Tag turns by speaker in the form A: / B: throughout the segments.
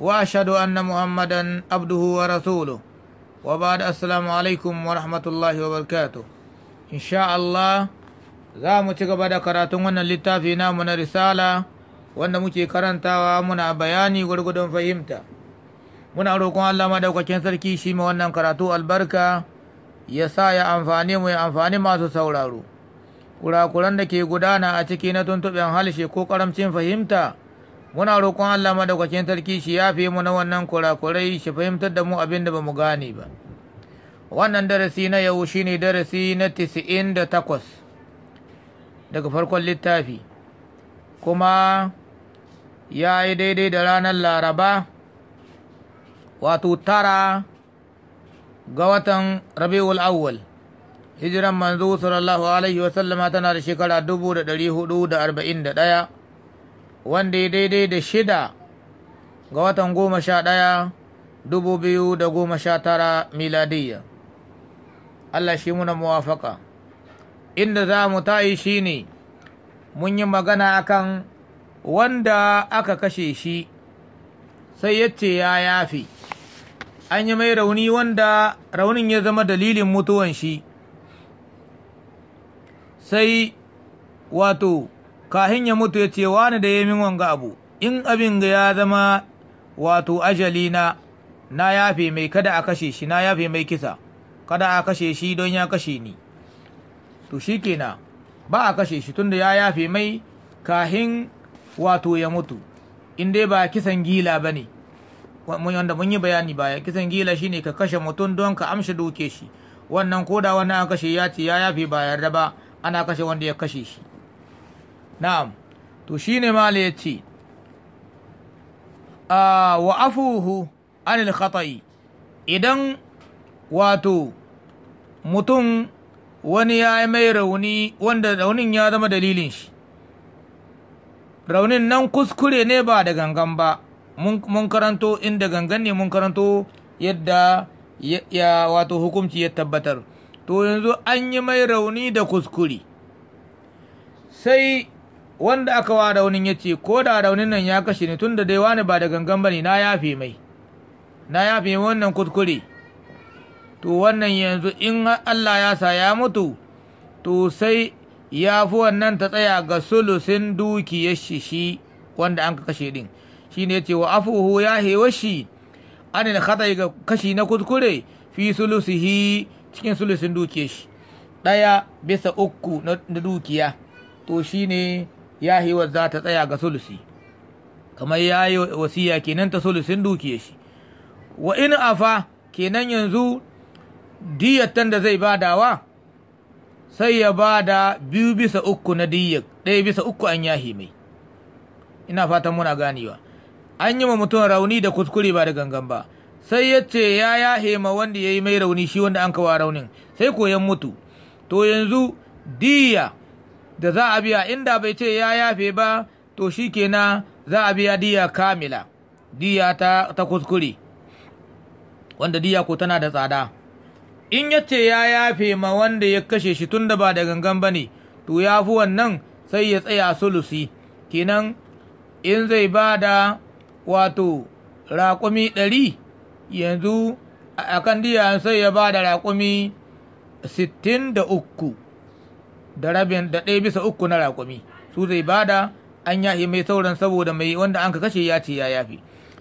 A: واشهد ان محمدا عبده ورسوله وبعد السلام alaikum wa rahmatullahi wa barakatuh insha za mu ci gaba da karatun wannan littafi namu na risala wanda muke karantawa muna bayani gwargwadon fahimta muna roƙon Allah madaukakin sarki shi ma wannan karatu albarka ya sa ya amfani mu ya amfani masu sauraro kurakuran da ke gudana a ciki na tuntuɓen halshe ko ƙaramcin fahimta muna roƙon Allah madaukakin sarki shi ya fi mu na wannan kurakurai shi fahimtar da mu abin da bamu gane ba wannan darasi na yau shine darasi na tisi'in da takwas daga farkon littafi kuma ya yi daidai da ranar laraba wato tara ga watan rabi'ul awwal hijiran manzo sallallahu alaihi wasallama tana da shekara dubu da ɗari hudu da arba'in da ɗaya wanda ya daidai da shida ga watan goma sha ɗaya dubu biyu da goma sha tara miladiyya Allah shi muna muwafaka inda za mu yi shi ne mun yi magana akan wanda aka kashe shi sai ya ce ya yafi an yi mai rauni wanda raunin ya zama dalilin mutuwan shi sai wato kahin ya mutu ya ce wani da ya min wanga abu in abin ga ya zama wato ajali na na yafe mai kada a kashe shi na yafe mai kisa kada a kashe shi don ya kashe ni to shi kenan ba a kashe shi tunda ya yafe mai kahin wato ya mutu in dai ba kisan gila ba ne wanda mun yi bayani baya kisan gila shine ka kashe mutum don ka amshi doke shi wannan koda wani an kashe ya ce ya yafe ba yarda ba ana kashe wanda ya kashe shi na'am to shine mala ya ce wa afuhu anil khata'i idan wato mutum wani ya yi mai rauni wanda raunin ya zama dalilin shi raunin nan kuskure ne ba da gangan ba mun karanto inda gangan ne mun karanto yadda ya wato hukumci ya tabbatar to yanzu an yi mai rauni da kuskure sai wanda aka wa raunin ya ce ko da raunin nan ya kashe ni tun da dai wani ba da gangan bane na yafe mai na yafe mai wannan kuskure to wannan yanzu in Allah ya sa ya mutu to sai ya fi wannan ta tsaya ga sulusin dukiyar shi shi wanda an kashe din shi ne ce wa afuhu ya hewa shi anil khatai ga kashi na kuskure fi sulusihi cikin sulusin dukiyar shi ɗaya bisa uku na dukiya to shi ne wa za ta tsaya ga sulusi kamar ya yi wasiya kenan ta sulusin dukiya shi wa in afa kenan yanzu diyattan da zai wa? sai ya bada biyu bisa uku na diyyar ɗaya bisa uku an yahi mai ina fatan muna ganewa an yi ma mutum rauni da kuskure ba da gangan ba sai ya ce ya yahe ma wanda ya yi mai rauni shi wanda an kawa raunin sai koyan mutu to yanzu diya da za a biya inda bai ce ya yafe ba to shi kenan za a biya diya kamila diya ta, kuskure wanda diya ko tana da tsada in ya ce ya yafe ma wanda ya kashe shi tun da ba da gangan ba ne to ya fi wannan sai ya tsaya sulusi kenan in zai ba da wato raƙumi ɗari yanzu a kan diya sai ya ba da raƙumi sittin da uku da rabin da ɗaya bisa uku na raƙumi su zai bada an yahi mai sauran saboda mai wanda an ka kashe ya ce ya yafe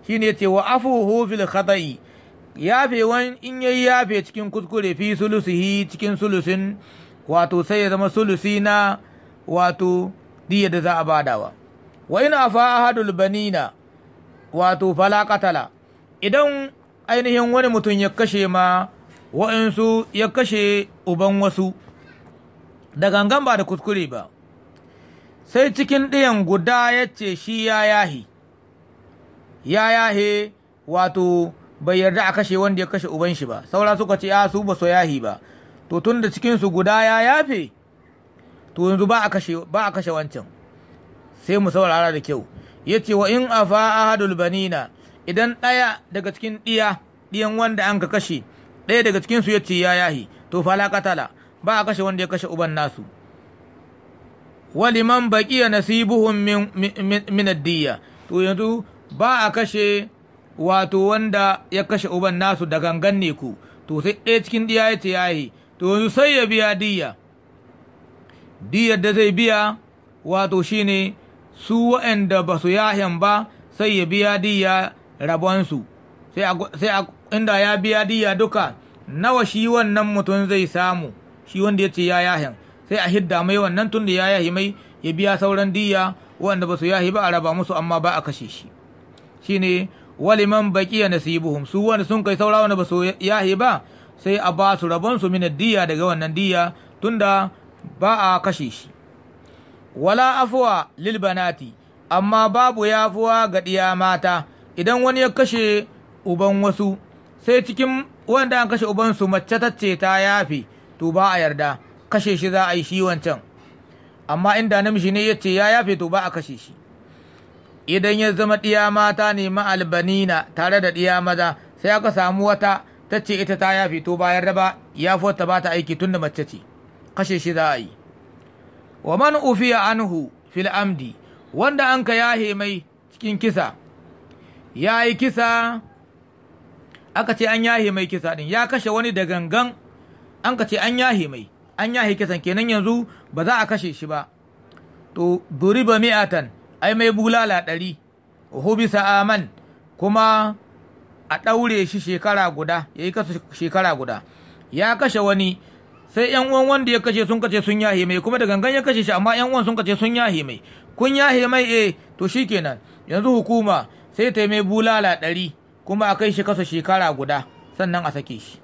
A: shi ne ce wa afuhu fil khata'i yafe wan in yayi yafe cikin kuskure fi sulusihi cikin sulusin wato sai ya zama sulusi na wato diya da za a badawa wa in afa ahadul banina wato fala qatala idan ainihin wani mutum ya kashe ma wa'insu ya kashe uban wasu da gangan ba da kuskure ba sai cikin ɗiyan guda ya ce shi ya yahi ya yahe wato bai yarda a kashe wanda ya kashe uban shi ba saura suka ce a su ba so yahi ba to tun da cikinsu guda ya yafe to yanzu ba a kashe wancan sai mu saurara da kyau ya ce wa in a ahadul banina idan ɗaya daga cikin ɗiya ɗiyan wanda an ka kashe ɗaya daga cikinsu ya ce ya yahi to fala katala ba a kashe wanda ya kashe uban nasu waliman baƙiya nasibuhun min diya. to yanzu ba a kashe wato wanda ya kashe uban nasu da gangan ne ku to sai ɗaya cikin diya ya yayi to yanzu sai ya biya diya diyar da zai biya wato shine su waɗanda ba su yahen ba sai ya biya diya rabonsu sai inda ya biya diya duka nawa shi wannan mutum zai samu shi wanda ya ce ya yahin sai a hidda mai wannan tun da ya yahi mai ya biya sauran diya wanda ba su yahi ba a raba musu amma ba a kashe shi Shi ne waliman baƙiya na su wanda sun kai saura wanda ba su yahi ba sai a ba su rabon su min diya daga wannan diya tunda ba a kashe shi wala afuwa lil banati amma babu yafuwa ga diya mata idan wani ya kashe uban wasu sai cikin wanda an kashe ubansu mace tacce ta yafe to ba a yarda kashe shi za a yi shi wancan amma inda namiji ne ya ce ya yafe to ba a kashe shi idan ya zama ɗiya mata ne ma'albanina tare da ɗiya maza sai aka samu wata ta ce ita ta yafe to ba yarda ba ya fota ba ta aiki tun da mace ce kashe shi za a yi wa man ufiya anhu fil amdi wanda an ka yahe mai cikin kisa ya yi kisa aka ce an yahe mai kisa din ya kashe wani da gangan an ka ce an yahe mai an yahe kisan kenan yanzu ba za a kashe shi ba to duriba mi'atan ai mai bulala ɗari bisa aman kuma a ɗaure shi shekara guda ya yi kasa shekara guda ya kashe wani sai yan uwan wanda ya kashe sun kace sun yahe mai kuma da gangan ya kashe shi amma yan uwan sun kace sun yahe mai kun yahe mai eh to shikenan yanzu hukuma sai ta mai bulala ɗari kuma a kai shi kasa shekara guda sannan a sake shi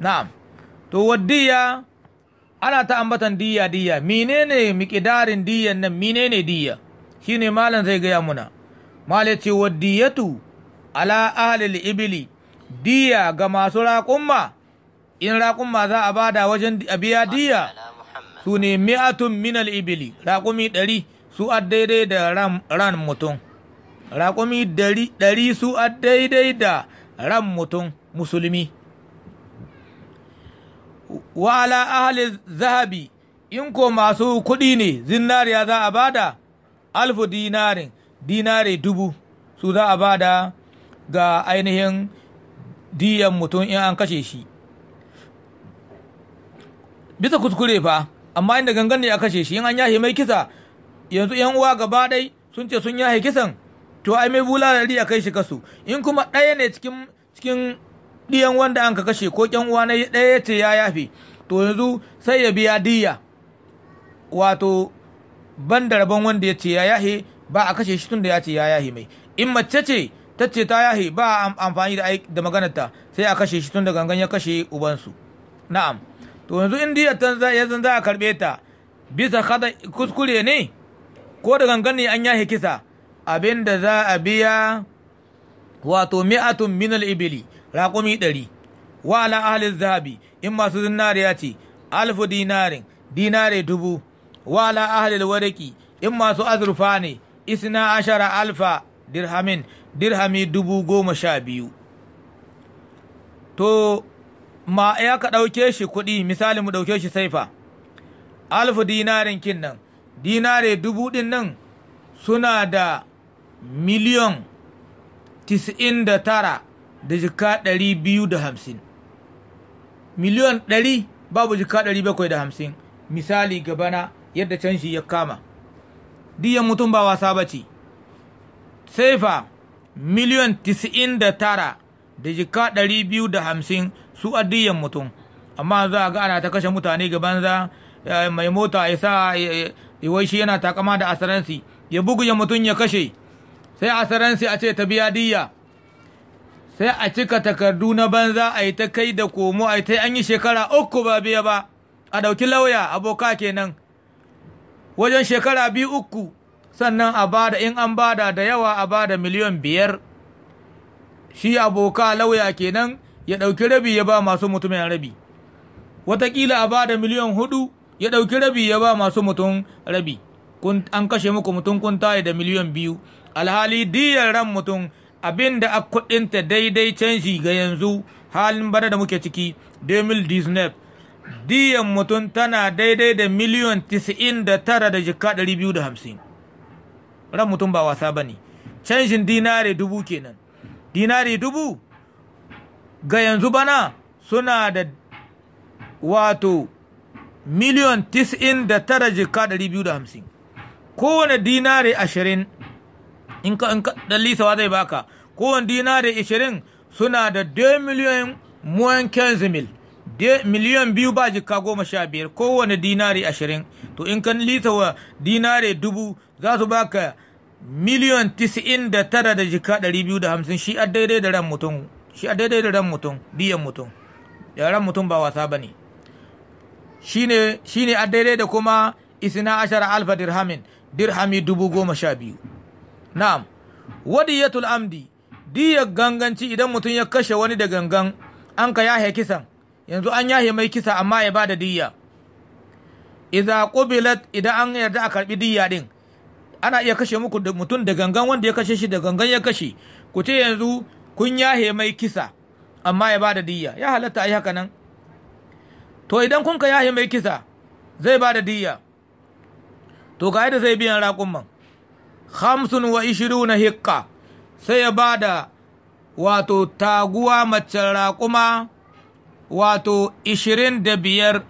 A: na'am to waddiya ana ta ambatan diya diya menene miƙidarin diyan nan menene diya shine malam zai gaya muna male ce waddiyatu ala ahlil ibili diya ga masu raƙumma in raƙumma za a bada wajen biya diya su ne mi'atun minal ibili raƙumi ɗari su a daidai da ran mutum raƙumi ɗari su a daidai da ran mutum musulmi wa ala ahli zahabi in ko masu kuɗi ne zinariya za a bada alfu dinarin dinari dubu su za a bada ga ainihin diyan mutum in an kashe shi bisa kuskure fa amma inda gangan ne a kashe shi in an yahe mai kisa yanzu yan uwa gaba ɗai sun ce sun yahe kisan to ai mai bulalari a kai shi kasu in kuma ɗaya ne cikin ɗiyan wanda an ka kashe ko ƙyan uwa na ɗaya ya ce ya yafe to yanzu sai ya biya diya wato ban da rabon wanda ya ce ya yahe ba a kashe shi tun da ya ce ya yahe mai in mace ce ta ce ta yahe ba a amfani da da maganarta sai a kashe shi tun da gangan ya kashe ubansu na'am to yanzu in diya ya zan za a karbe ta bisa kada kuskure ne ko da gangan ne an yahe kisa abin da za a biya wato mi'atun minal ibili raƙumi ɗari wa ala ahalin zahabi in masu zinariya ce alfu dinarin dinare dubu wa ala ahalin wariki in masu azurfa ne isna ashara alfa dirhamin dirhami dubu goma sha biyu to ma ya ka ɗauke shi kuɗi misali mu ɗauke shi saifa alfu dinarin kin nan dinare dubu ɗin nan suna da miliyon tis'in da tara da jika ɗari biyu da hamsin miliyon ɗari babu jika ɗari bakwai da hamsin misali gabana yadda canshi ya kama diyan mutum ba wasa ba ce saifa miliyon tisi'in da tara da jika ɗari biyu da hamsin su a diyan mutum amma za a ga ana ta kashe mutane gaban za mai mota ya sa wai shi yana takama da asaransi ya bugu ya mutum ya kashe sai asaransi a ce ta biya diya sai a cika takardu na banza a yi ta kai da komo a yi ta an yi shekara uku ba biya ba a ɗauki lauya aboka kenan wajen shekara biyu uku sannan a bada in an bada da yawa a bada miliyan biyar shi aboka lauya kenan ya ɗauki rabi ya ba masu mutumin rabi watakila a bada miliyan hudu ya ɗauki rabi ya ba masu mutum rabi an kashe muku mutum kun da miliyan biyu alhali diyar ran mutum abin da a kuɗinta daidai canji ga yanzu halin bana da muke ciki 2019 diyan mutum tana daidai da miliyon 99 da jika 250 ran mutum ba wasa ba ne canjin dinare dubu kenan dinare dubu ga yanzu bana suna da wato miliyon 99 jika 250 kowane dinare ashirin in ka in dan lisawa zai baka ko dina da ishirin suna da 2 miliyan muwan kenzimil miliyan biyu ba jika goma sha biyar kowane dinari ashirin to in kan lisawa dinari dubu za su baka miliyoyin tisa'in da tara da jika ɗari biyu da hamsin shi a daidai da ran mutum shi a daidai da ran mutum biyan mutum da ran mutum ba wasa ba ne Shi ne a daidai da kuma isina ashara alfa dirhamin dirhami dubu goma sha biyu na'am wadiyatul amdi diya ganganci idan mutum ya kashe wani da gangan an ka yahe kisan yanzu an yahe mai kisa amma ya bada diya idza qubilat idan an yarda a karbi diya din ana iya kashe muku mutum da gangan wanda ya kashe shi da gangan ya kashe ku ce yanzu kun yahe mai kisa amma ya bada diya ya halatta ai haka nan to idan kun ka yahe mai kisa zai bada diya to ga yadda zai biyan raƙumman hamsin wa ishiru na hikka sai ya ba da wato taguwa mace raƙuma wato ishirin da biyar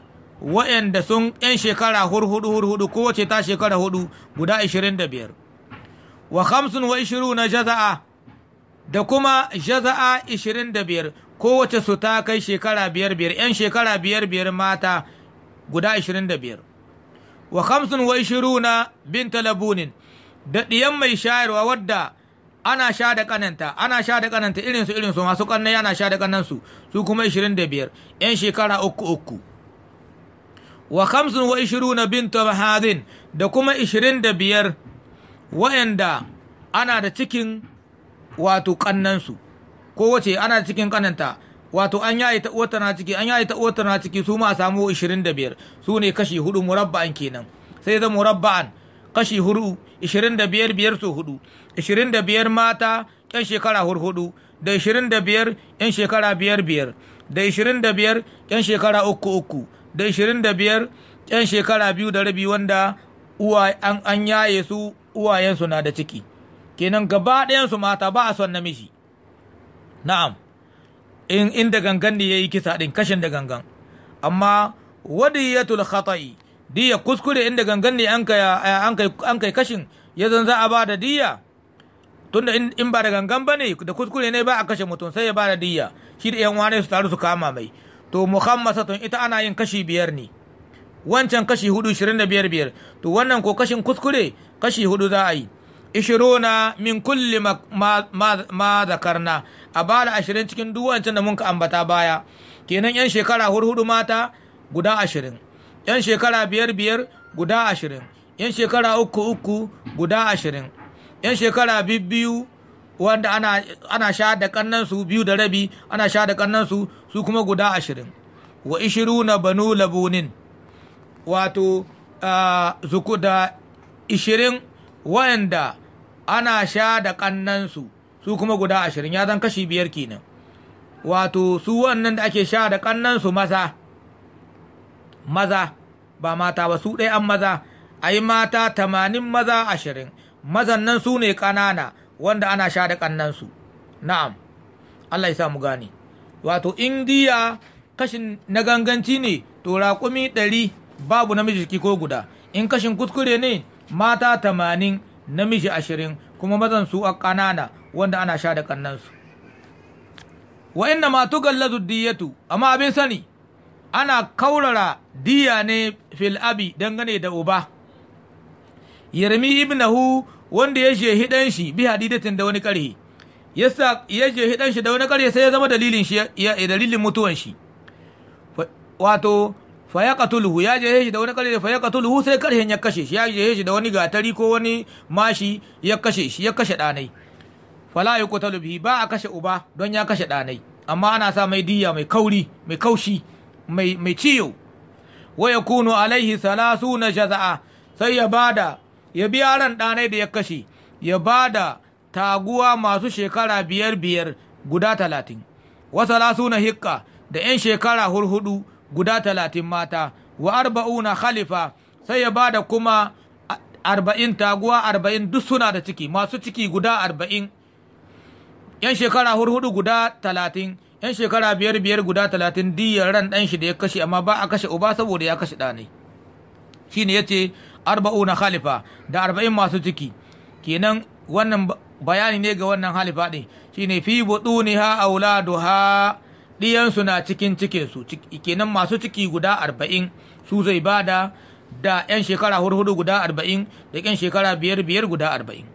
A: wa'yanda sun ‘yan shekara hurhuɗu hurhudu kowace ta shekara hudu guda ishirin da biyar wa hamsin wa ishiru na jaza'a da kuma jaza'a ishirin da biyar kowace su ta kai shekara biyar biyar ‘yan shekara biyar biyar mata guda ishirin da biyar wa hamsin wa ishiru na bin talabunin da ɗiyan mai shayarwa wadda ana sha da kananta ana sha da kananta irinsu irinsu masu kannai ana sha da kanansu su kuma 25 'yan shekara uku uku wa kamsin wa ishiru na binta mahadin da kuma 25 wa'anda ana da cikin wato kannansu ko wace ana da cikin kananta wato an yayi ta uwar na ciki an yayi ta uwar na ciki su ma a samu 25 su ne kashi hudu murabba'an kenan sai zama murabba'an kashi huru ishirin da biyar biyar su hudu ishirin da biyar mata yan shekara hurhudu da ishirin da biyar yan shekara biyar biyar da ishirin da biyar yan shekara uku uku da ishirin da biyar yan shekara biyu da rabi wanda uwa an, an yaye su uwayensu na da ciki kenan gaba ɗayansu mata ba a son namiji na'am in inda gangan ne ya yi kisa ɗin kashin da gangan amma wadiyatul khata'i diya kuskure inda gangan ne an kai kashin ya zan za a ba da diya tunda in ba da gangan bane da kuskure ne ba a kashe mutum sai ya ba da diya shi da yan wane su taru su kama mai to muhammasatun ita ana yin kashi biyar ne wancan kashi hudu shirin da biyar biyar to wannan ko kashin kuskure kashi hudu za a yi ishiruna min kulli ma zakarna a da ashirin cikin duk wancan da mun ka ambata baya kenan yan shekara hurhudu mata guda ashirin 'yan shekara biyar biyar guda ashirin 'yan shekara uku uku guda ashirin 'yan shekara biyu wanda ana, ana sha da kannansu biyu da rabi ana sha da kannansu su kuma guda ashirin wa ishiru na banu labunin wato zuku da ishirin wayanda ana sha da kannansu su kuma guda ashirin ya zan kashi biyar kenan wato su wannan da ake sha da kannansu maza maza ba mata ba su ɗaya an maza a yi mata tamanin maza ashirin mazan nan su ne ƙanana wanda ana sha da ƙannansu na'am Allah ya sa mu gane wato Indiya diya kashin na ganganci ne to raƙumi ɗari babu namiji jiki ko guda in kashin kuskure ne mata tamanin namiji ashirin kuma mazan su a ƙanana wanda ana sha da ƙannansu wa inna ma tugallazu diyatu amma abin sani ana kaurara diya ne fil abi dangane da uba yarmi ibnahu wanda ya je hidan shi bi hadidatin da wani karhe yasa ya je hidan shi da wani karhe sai ya zama dalilin shi ya dalilin mutuwan shi wato fa ya je ya shi da wani karhe da ya sai karhen ya kashe shi ya je shi da wani gatari ko wani mashi ya kashe shi ya kashe danai fala yuqtalu bihi ba a kashe uba don ya kashe danai amma ana sa mai diya mai kauri mai kaushi mai ciyo wa ya kunu alaihi salasu na jaza'a sai ya bada ya bi yaran ɗanai da ya kashe ya bada taguwa masu shekara biyar biyar guda talatin wa salasu na hikka da ‘yan shekara hurhudu guda talatin mata wa arba'una khalifa sai ya bada kuma arba'in taguwa arba'in duk suna da ciki masu ciki guda arba'in ‘yan shekara hurhudu guda talatin 'yan shekara biyar biyar guda talatin diyar ran ɗan shi da ya kashe amma ba a kashe uba saboda ya kashe ɗa ne ya ce arba'u na khalifa da arba'in masu ciki kenan wannan bayani ne ga wannan halifa ɗin ne fi auladu ha. ɗiyansu na cikin cikinsu kenan masu ciki guda arba'in su zai bada da 'yan shekara hurhudu guda arba'in da 'yan shekara biyar biyar guda arba'in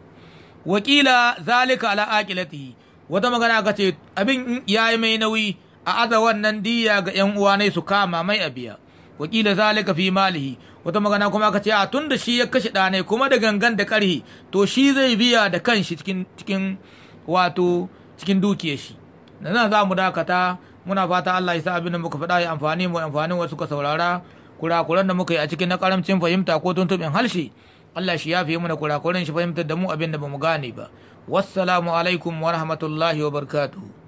A: wakila zalika ala wata magana aka ce abin ya yi mai nauyi a aza wannan diya ga yan uwa ne su kama mai a biya wakila zalika fi malihi wata magana kuma aka ce a tun da shi ya kashe ɗane kuma da gangan da ƙarhi to shi zai biya da kanshi cikin cikin wato cikin dukiyar shi nan za mu dakata muna fata Allah ya sa abin da muka faɗa ya amfani mu amfanin wasu ka saurara kurakuran da muka yi a cikin na karamcin fahimta ko tuntuɓin harshe Allah shi ya fi mana kurakuran shi fahimtar da mu abin da bamu gane ba wassalamu alaikum wa rahmatullahi wa barkatu.